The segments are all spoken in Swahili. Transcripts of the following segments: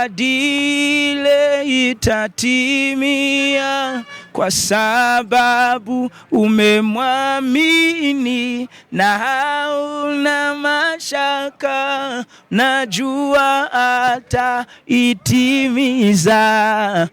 ahadi ile itatimia, kwa sababu umemwamini na hauna mashaka, najua ataitimiza.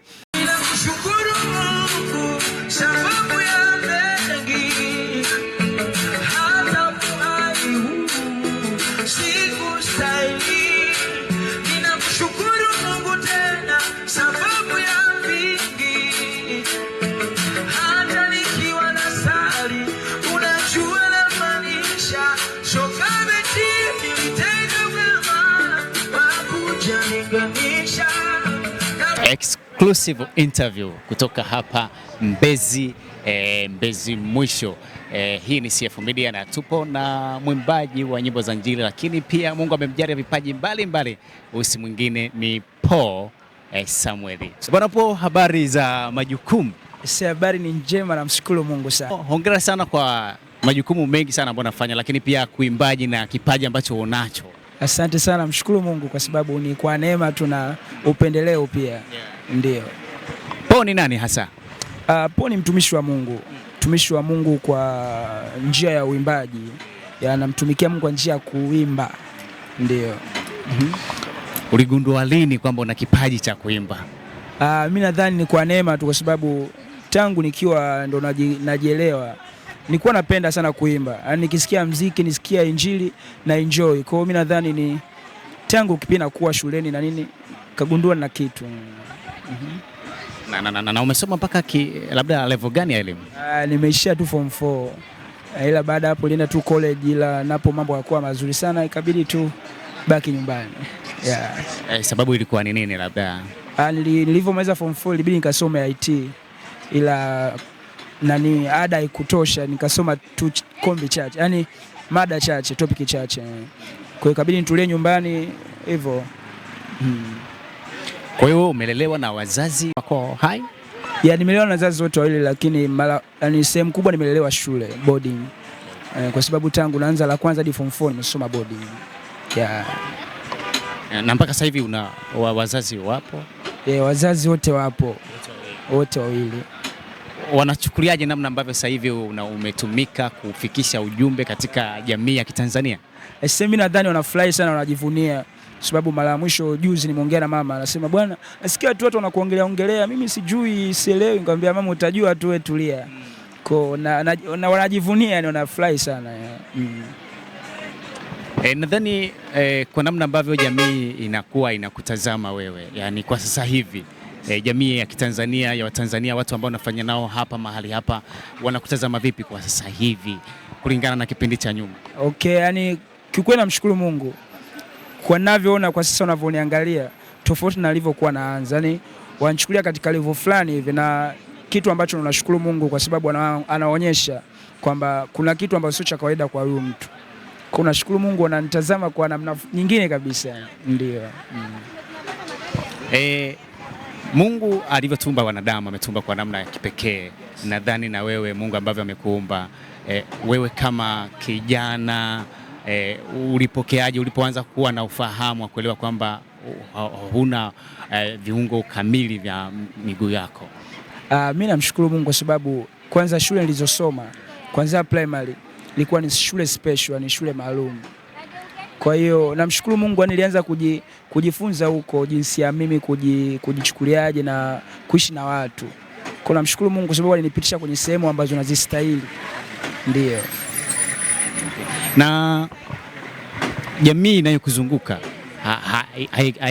exclusive interview kutoka hapa Mbezi e, Mbezi mwisho e, hii ni CF Media na tupo na mwimbaji wa nyimbo za Injili, lakini pia Mungu amemjalia vipaji mbalimbali, usi mwingine ni Paul e, Samuel. Bwana Paul, habari za majukumu? Si habari ni njema, namshukuru Mungu sana. Hongera sana kwa majukumu mengi sana ambayo nafanya, lakini pia kuimbaji na kipaji ambacho unacho Asante sana, mshukuru Mungu kwa sababu ni kwa neema tuna upendeleo pia yeah. Ndio. Po ni nani hasa? Uh, ah, Po ni mtumishi wa Mungu, mtumishi wa Mungu kwa njia ya uimbaji, anamtumikia Mungu kwa njia ya kuimba ndio. mm -hmm. Uligundua lini kwamba una kipaji cha kuimba? Uh, mi nadhani ni kwa neema tu, kwa sababu tangu nikiwa ndo najielewa nilikuwa napenda sana kuimba, yani ah, nikisikia mziki nisikia injili na enjoy. Kwa hiyo mimi nadhani ni tangu kipindi nakuwa shuleni na nini kagundua na kitu mm-hmm. Na, na, na, na umesoma mpaka labda level gani ya elimu? Ah, nimeishia tu form 4 ah, ila baada hapo nilienda tu college, ila napo mambo yakuwa mazuri sana, ikabidi tu baki nyumbani yeah. Eh, sababu ilikuwa ni nini? Labda nilivyomaliza form 4 ilibidi nikasome IT ila nani ada ikutosha, nikasoma tu kombi chache, yani mada chache, topiki chache, kwa ikabidi nitulie nyumbani hivyo hmm. Kwa hiyo umelelewa na wazazi wako hai? Ya, nimelelewa na wazazi wote wawili, lakini mara yani sehemu kubwa nimelelewa shule boarding, eh, kwa sababu tangu naanza la kwanza hadi form 4 nimesoma boarding yeah. Na mpaka sasa hivi una wa, wazazi wapo? Yeah, wazazi wote wapo wote wawili wanachukuliaje namna ambavyo sasa hivi umetumika kufikisha ujumbe katika jamii ya Kitanzania? Eh, sasa mimi nadhani wanafurahi sana, wanajivunia sababu mara ya mwisho juzi nimeongea na mama, anasema bwana, nasikia watu watu wanakuongelea ongelea, mimi sijui sielewi. Nikamwambia mama, utajua tu, wewe tulia. Kwa na, na, na wanajivunia, yani wanafurahi sana eh. mm. E, nadhani e, kwa namna ambavyo jamii inakuwa inakutazama wewe, yani kwa sasa hivi e, jamii ya Kitanzania ya Watanzania, watu ambao wanafanya nao hapa mahali hapa, wanakutazama vipi kwa sasa hivi kulingana na kipindi cha nyuma? Okay, yani kiukweli namshukuru Mungu kwa ninavyoona kwa sasa unavyoniangalia tofauti na nilivyokuwa naanza, yani wanachukulia katika level fulani hivi, na kitu ambacho tunashukuru Mungu kwa sababu anaonyesha kwamba kuna kitu ambacho sio cha kawaida kwa huyu mtu. Nashukuru Mungu ananitazama kwa namna nyingine kabisa, ndio mm. E, Mungu alivyotumba wanadamu ametumba kwa namna ya kipekee. Nadhani na wewe Mungu ambavyo amekuumba e, wewe kama kijana e, ulipokeaje ulipoanza kuwa na ufahamu wa kuelewa kwamba uh, uh, huna uh, viungo kamili vya miguu yako? Uh, mi namshukuru Mungu kwa sababu kwanza shule nilizosoma kwanza primary ilikuwa ni shule special, ni shule maalum. Kwa hiyo namshukuru Mungu, nilianza kuji, kujifunza huko jinsi ya mimi kuji, kujichukuliaje na kuishi na watu. Kwa namshukuru Mungu sababu alinipitisha kwenye sehemu ambazo nazistahili. ndio Na jamii inayokuzunguka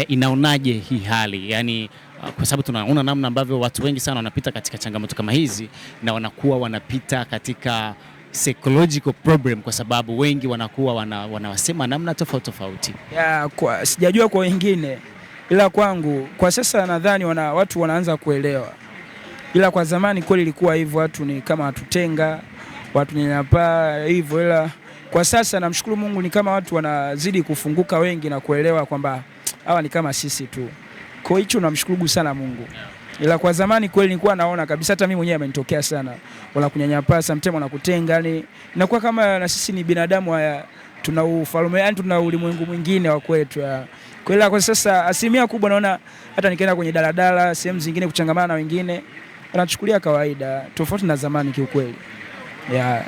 inaonaje hii hali yani, uh, kwa sababu tunaona namna ambavyo watu wengi sana wanapita katika changamoto kama hizi na wanakuwa wanapita katika psychological problem, kwa sababu wengi wanakuwa wana, wanawasema namna tofauti tofauti. Kwa, sijajua kwa wengine, ila kwangu kwa sasa nadhani wana, watu wanaanza kuelewa, ila kwa zamani kweli ilikuwa hivyo, watu ni kama watutenga, watu ninapaa hivyo, ila kwa sasa namshukuru Mungu ni kama watu wanazidi kufunguka wengi na kuelewa kwamba hawa ni kama sisi tu. Kwa hicho namshukuru sana Mungu. Ila kwa zamani kweli nilikuwa naona kabisa, hata mimi mwenyewe amenitokea sana, wala wanakunyanyapaa sometimes, wanakutenga, yani inakuwa kama na sisi ni binadamu haya, tuna ufalme yani, tuna ulimwengu mwingine wa kwetu. Kwa ila kwa sasa asilimia kubwa naona hata nikienda kwenye daladala, sehemu zingine, kuchangamana na wengine, anachukulia kawaida, tofauti na zamani kiukweli, yeah.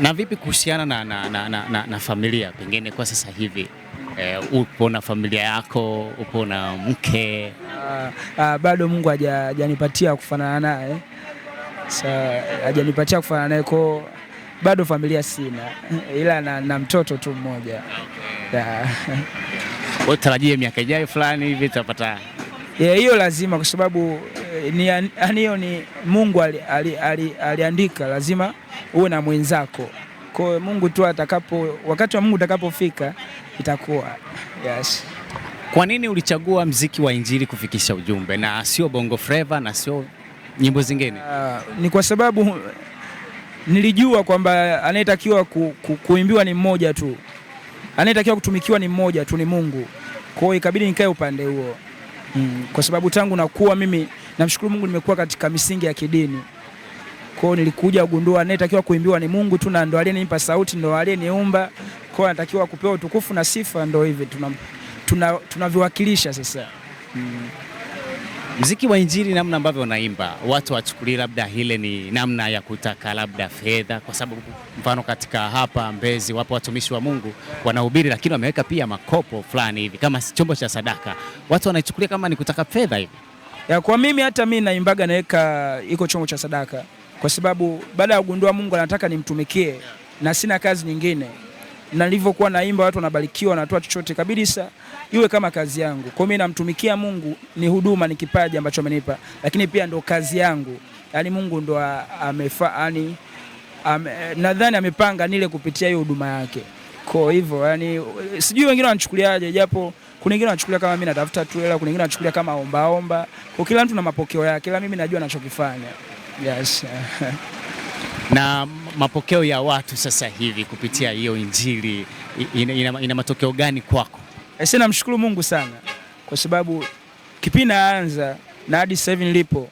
Na vipi kuhusiana na, na, na, na, na familia pengine kwa sasa hivi eh, upo na familia yako, upo na mke uh, uh, bado Mungu hajanipatia kufanana naye eh. Hajanipatia kufanana naye ko bado familia sina, ila na, na mtoto tu mmoja okay. Ah. Tarajie miaka ijayo fulani hivi tutapata hiyo yeah, lazima kwa sababu eh, hiyo ni, ni Mungu aliandika ali, ali, ali lazima uwe na mwenzako. Kwa Mungu tu atakapo, wakati wa Mungu utakapofika itakuwa yes. Kwa nini ulichagua mziki wa injili kufikisha ujumbe na sio bongo flava na sio nyimbo zingine? Uh, ni kwa sababu nilijua kwamba anayetakiwa ku, ku, kuimbiwa ni mmoja tu, anayetakiwa kutumikiwa ni mmoja tu, ni Mungu. Kwa hiyo ikabidi nikae upande huo mm, kwa sababu tangu nakuwa mimi namshukuru Mungu nimekuwa katika misingi ya kidini kwa hiyo nilikuja kugundua anayetakiwa kuimbiwa ni Mungu tu, na ndo aliyenipa sauti, ndo aliyeniumba. Kwa hiyo anatakiwa kupewa utukufu na sifa, ndo hivi tunaviwakilisha tuna, tuna sasa mm. Mziki wa Injili namna ambavyo unaimba, watu wachukulie labda ile ni namna ya kutaka labda fedha, kwa sababu mfano katika hapa Mbezi wapo watumishi wa Mungu wanahubiri, lakini wameweka pia makopo fulani hivi kama chombo cha sadaka. Watu wanaichukulia kama ni kutaka fedha hivi. Ya, kwa mimi hata mimi naimbaga naweka iko chombo cha sadaka kwa sababu baada ya kugundua Mungu anataka nimtumikie na sina kazi nyingine, na nilivyokuwa naimba watu wanabarikiwa, wanatoa chochote, kabidi sasa iwe kama kazi yangu. Kwa mimi namtumikia Mungu, ni huduma, ni kipaji ambacho amenipa, lakini pia ndo kazi yangu. Yani Mungu ndo amefa, yani ame, nadhani amepanga nile kupitia hiyo huduma yake. Kwa hivyo yani, sijui wengine wanachukuliaje, japo kuna wengine wanachukulia kama mimi natafuta tu hela, kuna wengine wanachukulia kama ombaomba. Kwa kila mtu na mapokeo yake, ila mimi najua nachokifanya. Yes. Uh, na mapokeo ya watu sasa hivi kupitia hiyo Injili ina, ina, ina matokeo gani kwako? Eh, sasa namshukuru Mungu sana kwa sababu kipindi naanza na hadi sasa hivi nilipo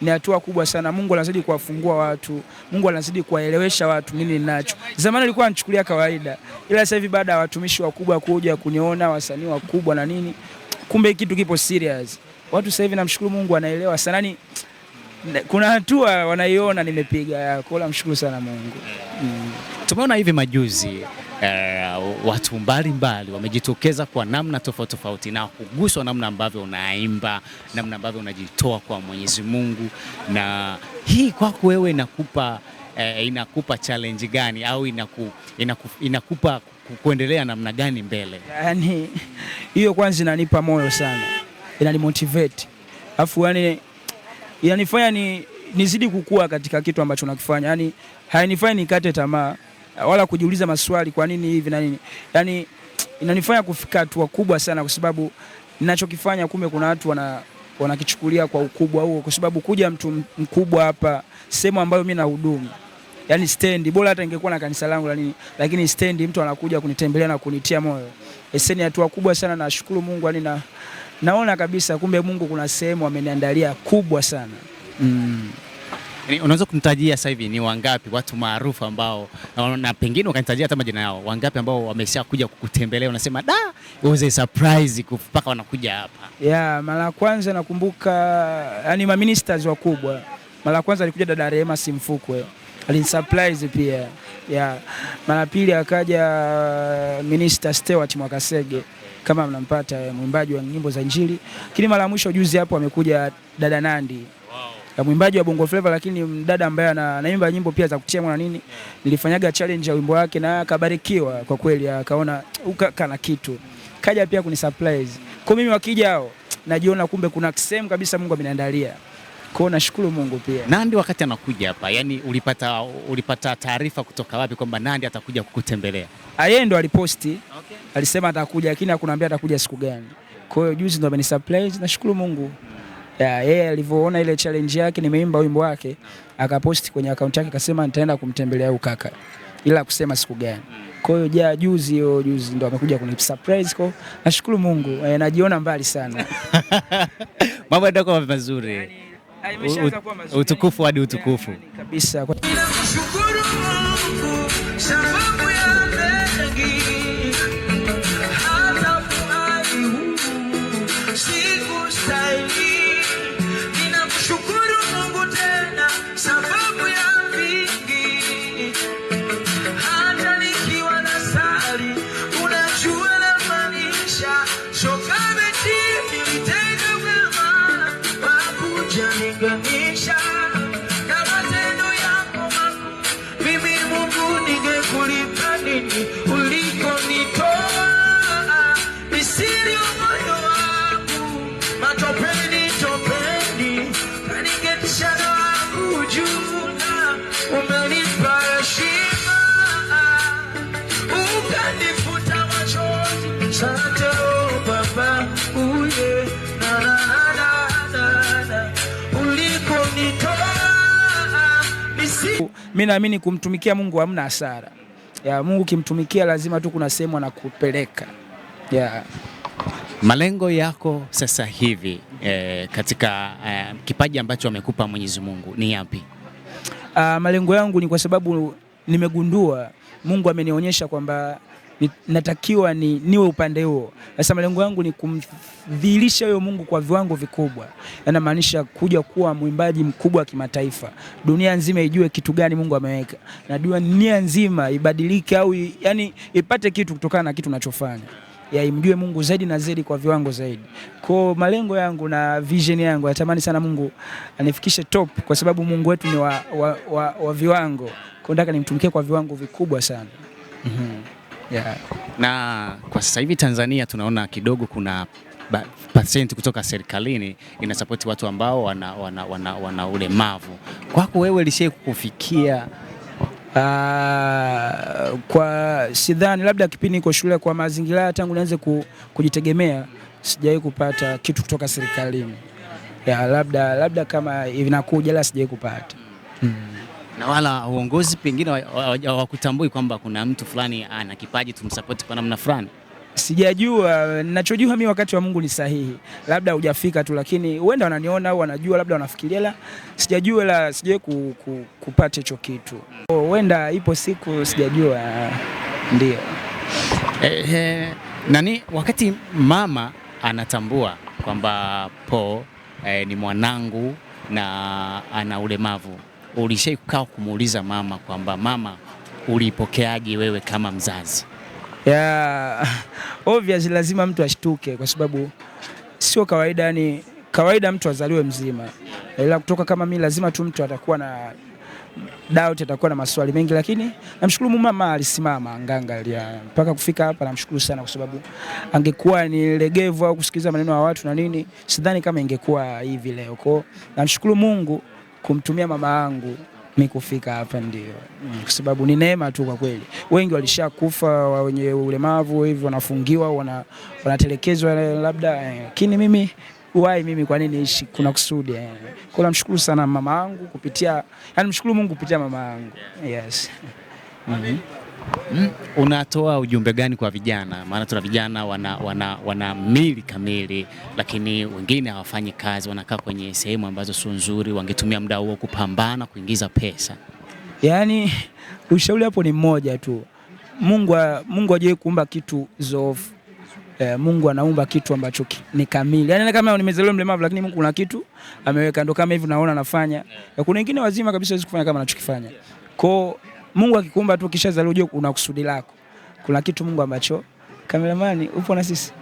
ni hatua kubwa sana. Mungu anazidi kuwafungua watu, Mungu anazidi kuwaelewesha watu nini ninacho. Zamani ilikuwa nichukulia kawaida, ila sasa hivi baada ya watumishi wakubwa kuja kuniona, wasanii wakubwa na nini, kumbe kitu kipo serious. Watu sasa hivi namshukuru Mungu anaelewa sana, ni yaani kuna hatua wanaiona nimepiga yako, la mshukuru sana Mungu mm. Tumeona hivi majuzi Uh, watu mbalimbali wamejitokeza kwa namna tofauti tofauti na kuguswa namna ambavyo unaimba, namna ambavyo unajitoa kwa Mwenyezi Mungu. Na hii kwako wewe inakupa uh, inakupa challenge gani au inaku, inaku, inakupa kuendelea namna gani mbele? Yani hiyo kwanza inanipa moyo sana, inanimotivate afu yani yanifanya ni nizidi kukua katika kitu ambacho nakifanya, yani hainifanyi nikate tamaa wala kujiuliza maswali kwa nini hivi na nini, yani inanifanya kufika hatua kubwa sana, kwa sababu ninachokifanya kumbe kuna watu wana wanakichukulia kwa ukubwa huo, kwa sababu kuja mtu mkubwa hapa sehemu ambayo mimi nahudumu yani stendi, bora hata ingekuwa na kanisa langu la nini, lakini stendi, mtu anakuja kunitembelea na kunitia moyo. Eseni eh, hatua kubwa sana, nashukuru Mungu yani na naona kabisa kumbe Mungu kuna sehemu ameniandalia kubwa sana mm. Unaweza kunitajia sasa hivi ni wangapi watu maarufu ambao na pengine ukanitajia hata majina yao, wangapi ambao wamesha kuja kukutembelea, unasema da, it was a surprise mpaka wanakuja hapa? Yeah, mara ya kwanza nakumbuka, yani ma ministers wakubwa, mara ya kwanza alikuja dada Rehema Simfukwe, alinisurprise pia. Yeah, mara pili akaja uh, minister Stewart Mwakasege kama mnampata mwimbaji wa nyimbo za Injili. Lakini mara mwisho juzi hapo amekuja dada Nandi ya mwimbaji wa Bongo Flava, lakini mdada ambaye anaimba nyimbo pia za kutia mwana nini. Nilifanyaga challenge ya wimbo wake na akabarikiwa kwa kweli, akaona kana kitu, kaja pia kunisurprise kwa mimi, wakija hao najiona kumbe kuna sehemu kabisa Mungu ameniandalia. Kwao nashukuru Mungu pia. Nandi wakati anakuja hapa, yani ulipata ulipata taarifa kutoka wapi kwamba Nandi atakuja kukutembelea? Yeye ndo aliposti. Okay. Alisema atakuja lakini hakuniambia atakuja siku gani. Kwa hiyo juzi ndo ameni surprise, nashukuru Mungu. yeah, Yeye alivyoona ile challenge yake, nimeimba wimbo wake, akaposti kwenye akaunti yake akasema nitaenda kumtembelea huyu kaka. Ila kusema siku gani. Kwa hiyo ja juzi hiyo juzi ndo amekuja kuni surprise kwa. Nashukuru Mungu. E, najiona mbali sana. Mambo yako mazuri. Yani utukufu hadi utukufu kabisa. mimi naamini kumtumikia Mungu hamna hasara ya Mungu. Kimtumikia lazima tu kuna sehemu anakupeleka ya malengo yako sasa hivi eh, katika eh, kipaji ambacho amekupa Mwenyezi Mungu ni yapi? Uh, malengo yangu ni kwa sababu nimegundua Mungu amenionyesha kwamba natakiwa ni, niwe upande huo. Sasa malengo yangu ni kumdhihirisha huyo Mungu kwa viwango vikubwa, yanamaanisha kuja kuwa mwimbaji mkubwa wa kimataifa, dunia nzima ijue kitu gani Mungu ameweka, na dunia nzima ibadilike au yani ipate kitu kutokana na kitu nachofanya ya imjue Mungu zaidi na zaidi kwa viwango zaidi. Kwa malengo yangu na vision yangu, natamani sana Mungu anifikishe top, kwa sababu Mungu wetu ni wa, wa, wa, wa viwango. Kwa nataka nimtumikie kwa viwango vikubwa sana. mm -hmm yeah. Na kwa sasa hivi Tanzania tunaona kidogo kuna pasenti kutoka serikalini inasapoti watu ambao wana, wana, wana, wana ulemavu. Kwako wewe lishe kukufikia? Uh, kwa sidhani, labda kipindi iko shule, kwa mazingira tangu nianze ku, kujitegemea sijawahi kupata kitu kutoka serikalini ya, labda, labda kama inakuja la sijawahi kupata hmm na wala uongozi pengine hawakutambui kwamba kuna mtu fulani ana kipaji, tumsapoti kwa namna fulani. Sijajua, ninachojua mimi wakati wa Mungu ni sahihi, labda hujafika tu, lakini huenda wananiona au wanajua, labda wanafikiria, la sijajua, la sijawai ku, ku, kupata hicho kitu, huenda ipo siku, sijajua. Ndio eh, eh, nani, wakati mama anatambua kwamba Po eh, ni mwanangu na ana ulemavu ulishai kukaa kumuuliza mama kwamba mama, ulipokeaje wewe kama mzazi? Yeah, obviously lazima mtu ashtuke kwa sababu sio kawaida. Yani kawaida mtu azaliwe mzima, ila kutoka kama mimi, lazima tu mtu atakuwa na doubt, atakuwa na maswali mengi, lakini namshukuru mama alisimama nganga mpaka kufika hapa. Namshukuru sana kwa sababu angekuwa ni legevu au kusikiliza maneno ya watu na nini, sidhani kama ingekuwa hivi leo. Kwa namshukuru Mungu kumtumia mama yangu mi kufika hapa ndio, mm, kwa sababu ni neema tu kwa kweli. Wengi walishakufa wenye ulemavu hivi, wanafungiwa wana, wanatelekezwa eh, labda, eh. lakini mimi wai mimi kwa nini ishi, kuna kusudi eh. Kwa namshukuru sana mama yangu kupitia, yani mshukuru Mungu kupitia mama yangu yes. mm -hmm. Mm, unatoa ujumbe gani kwa vijana? Maana tuna vijana wana, wana, wana mili kamili, lakini wengine hawafanyi kazi, wanakaa kwenye sehemu ambazo sio nzuri, wangetumia muda huo kupambana kuingiza pesa. Yaani ushauri hapo ni mmoja tu, Mungu, Mungu hajawahi kuumba kitu zofu. Eh, Mungu anaumba kitu ambacho ni kamili. Yaani kama nimezaliwa mlemavu lakini Mungu kuna kitu ameweka, ndo kama hivi naona nafanya. Kuna wengine wazima kabisa hawezi kufanya kama anachokifanya. Kwa Mungu akikuumba tu kishazaliwa unajua kuna kusudi lako. Kuna kitu Mungu ambacho kameramani upo na sisi.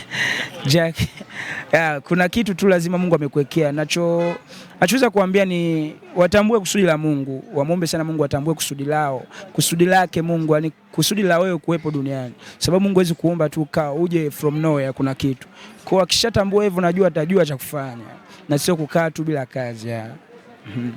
Jack. Yeah, kuna kitu tu lazima Mungu amekuwekea. Nacho nachoweza kuambia ni watambue kusudi la Mungu. Wamuombe sana Mungu atambue kusudi lao. Kusudi lake Mungu, yani kusudi la wewe kuwepo duniani. Sababu Mungu hawezi kuomba tu ka uje from nowhere kuna kitu. Kwa akishatambua hivyo najua atajua cha kufanya. Na sio kukaa tu bila kazi. Yeah. Mm-hmm.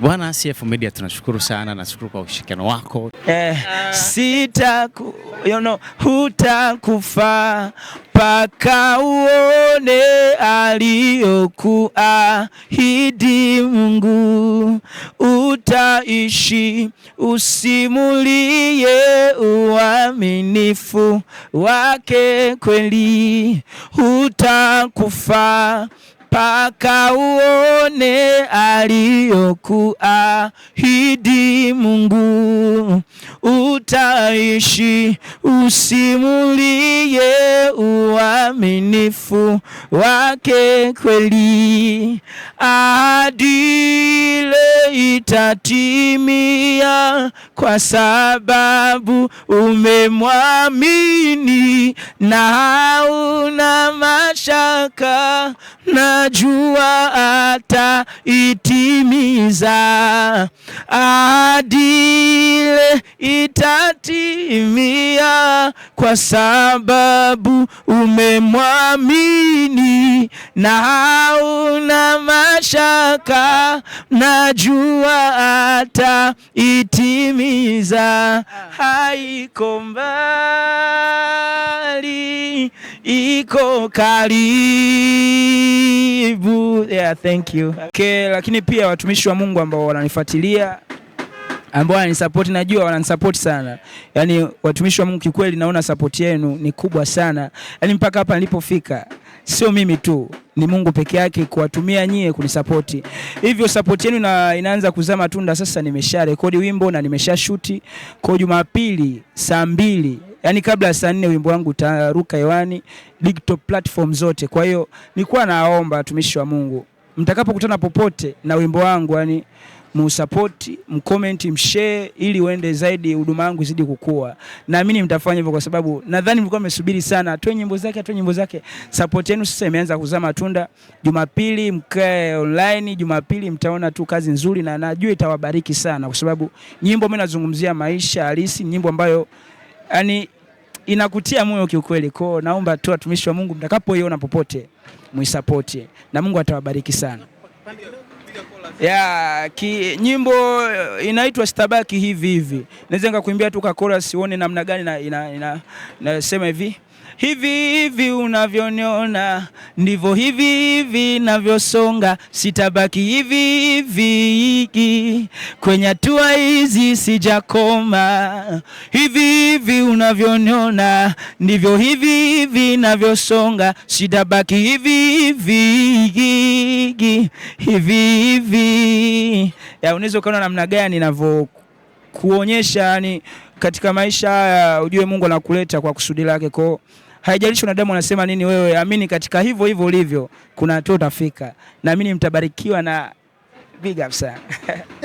Bwana CF Media tunashukuru sana, nashukuru kwa ushirikiano wako eh, ah. sita ku, you know, hutakufa mpaka uone aliyokuahidi Mungu, utaishi usimulie uaminifu wake kweli, hutakufa mpaka uone aliyokuahidi Mungu utaishi, usimulie uaminifu wake kweli. Ahadi ile itatimia, kwa sababu umemwamini na hauna mashaka, najua ataitimiza ahadi ile itatimia kwa sababu umemwamini na hauna mashaka, najua ataitimiza, haiko mbali, iko karibu. Yeah, thank you. Okay, lakini pia watumishi wa Mungu ambao wananifuatilia ambao wananisapoti, najua wananisapoti sana. Yaani watumishi wa Mungu, kikweli naona sapoti yenu ni kubwa sana, yaani mpaka hapa nilipofika sio mimi tu, ni Mungu peke yake kuwatumia nyie kunisapoti. Hivyo sapoti yenu na inaanza kuzaa matunda sasa. Nimesha rekodi wimbo na nimesha shuti kwa Jumapili saa mbili yani kabla ya saa nne wimbo wangu utaruka hewani digital platform zote. Kwa hiyo nilikuwa naomba watumishi wa Mungu mtakapokutana popote na wimbo wangu yani msupport, mcomment, mshare ili uende zaidi, huduma yangu izidi kukua. Naamini mtafanya hivyo kwa sababu nadhani mlikuwa mmesubiri sana. Atoe nyimbo zake, atoe nyimbo zake. Support yenu sasa imeanza kuzaa matunda. Jumapili mkae online, Jumapili mtaona tu kazi nzuri na najua itawabariki sana kwa sababu nyimbo mimi nazungumzia maisha halisi, nyimbo ambayo yani inakutia moyo kiukweli. Kwao naomba tu watumishi wa Mungu mtakapoiona popote muisapoti na Mungu atawabariki sana ya ki, nyimbo eh, inaitwa Sitabaki hivi hivi. Naweza nikakuimbia tu kakora, chorus namna gani na, ina, ina, nasema hivi hivi hivi unavyoniona ndivyo hivi hivi navyosonga, sitabaki hivi hivi kwenye hatua hizi sijakoma. Hivi hivi unavyoniona ndivyo hivi hivi navyosonga, sitabaki hivi hivi hivi hivi. Unaweza ukaona namna gani ninavyokuonyesha, yani katika maisha haya ujue Mungu anakuleta kwa kusudi lake kwao haijalishi wanadamu wanasema nini, wewe amini katika hivyo hivyo ulivyo, kuna hatua utafika. Naamini mtabarikiwa na big up sana